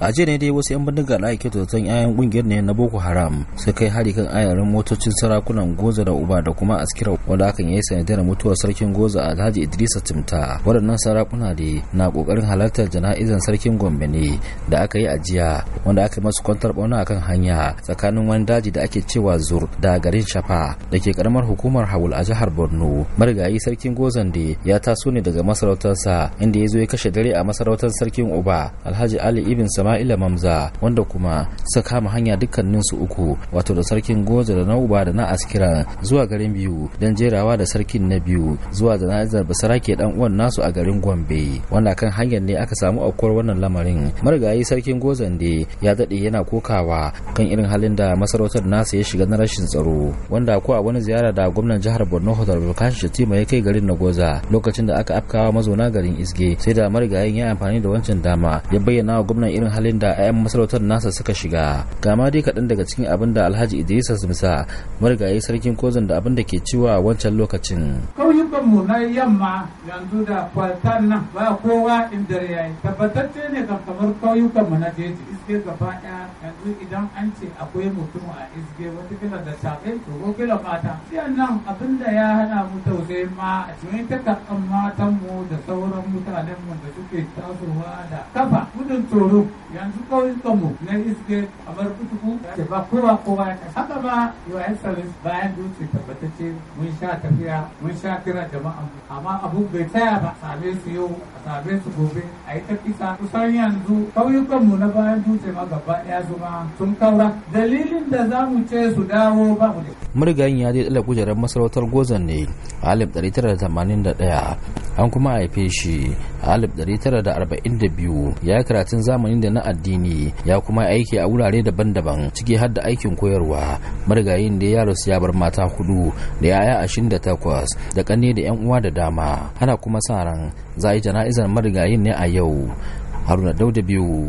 a jiya ne dai wasu 'yan bindiga da ake zaton 'ya'yan kungiyar ne na boko haram sai kai hari kan ayarin motocin sarakunan goza da uba da kuma askira wanda hakan ya yi sanadiyar mutuwar sarkin goza alhaji idrisa timta waɗannan sarakuna ne na ƙoƙarin halartar jana'izan sarkin gombe ne da aka yi a jiya wanda aka yi masu kwantar ɓauna kan hanya tsakanin wani daji da ake cewa zur da garin shafa da ke karamar hukumar hawul a jihar borno marigayi sarkin gozan da ya taso ne daga masarautarsa inda ya zo ya kashe dare a masarautar sarkin uba alhaji ali ibn sama Ismaila Mamza wanda kuma suka kama hanya dukkanin su uku wato da sarkin Goza da Nauba da na Askira zuwa garin biyu don jerawa da sarkin na biyu zuwa da jana'izar Basarake dan uwan nasu a garin Gombe wanda kan hanyar ne aka samu aukuwar wannan lamarin marigayi sarkin ne ya dade yana kokawa kan irin halin da masarautar nasa ya shiga na rashin tsaro wanda ko a wani ziyara da gwamnan jihar Borno Hotel Bukashi Shatima ya kai garin na Goza lokacin da aka afkawa mazauna garin Isge sai da marigayin ya amfani da wancan dama ya bayyana wa gwamnan irin halin da 'ya'yan masarautar nasa suka shiga gama dai kaɗan daga cikin abin da alhaji idris musa marigayi sarkin kozon da abin da ke ciwa wancan lokacin kauyukanmu na yamma yanzu da kwaltan nan ba kowa inda ya yi tabbatacce ne kamar kauyukanmu na jeji izge gaba ɗaya yanzu idan an ce akwai mutum a izge wata kila da shafe to ko kila mata sai nan abin da ya hana mu tausayi ma a cikin takardan matan mu da sauran mutanen mu da suke tasowa da kafa gudun tsoro yanzu kauyukan mu na izge a bar kutuku da ba kowa kowa ya kasa haka ba US salis bayan dutse tabbatacce mun sha tafiya mun sha kira jama'a amma abu bai tsaya ba same su yau a same su gobe a yi ta kisa kusan yanzu kauyukan mu na bayan dutse ce ma gaba ɗaya su ma sun kaura dalilin da za mu ce su dawo ba mu da murgayin ya je tsala kujerar masarautar gozan ne a ɗaya an kuma haife shi a biyu ya yi karatun zamani da na addini ya kuma aiki a wurare daban-daban ciki har da aikin koyarwa marigayin da ya rasu ya bar mata hudu da yaya ashirin da kanne da yan uwa da dama ana kuma sa ran za a yi jana'izar marigayin ne a yau haruna dauda biyu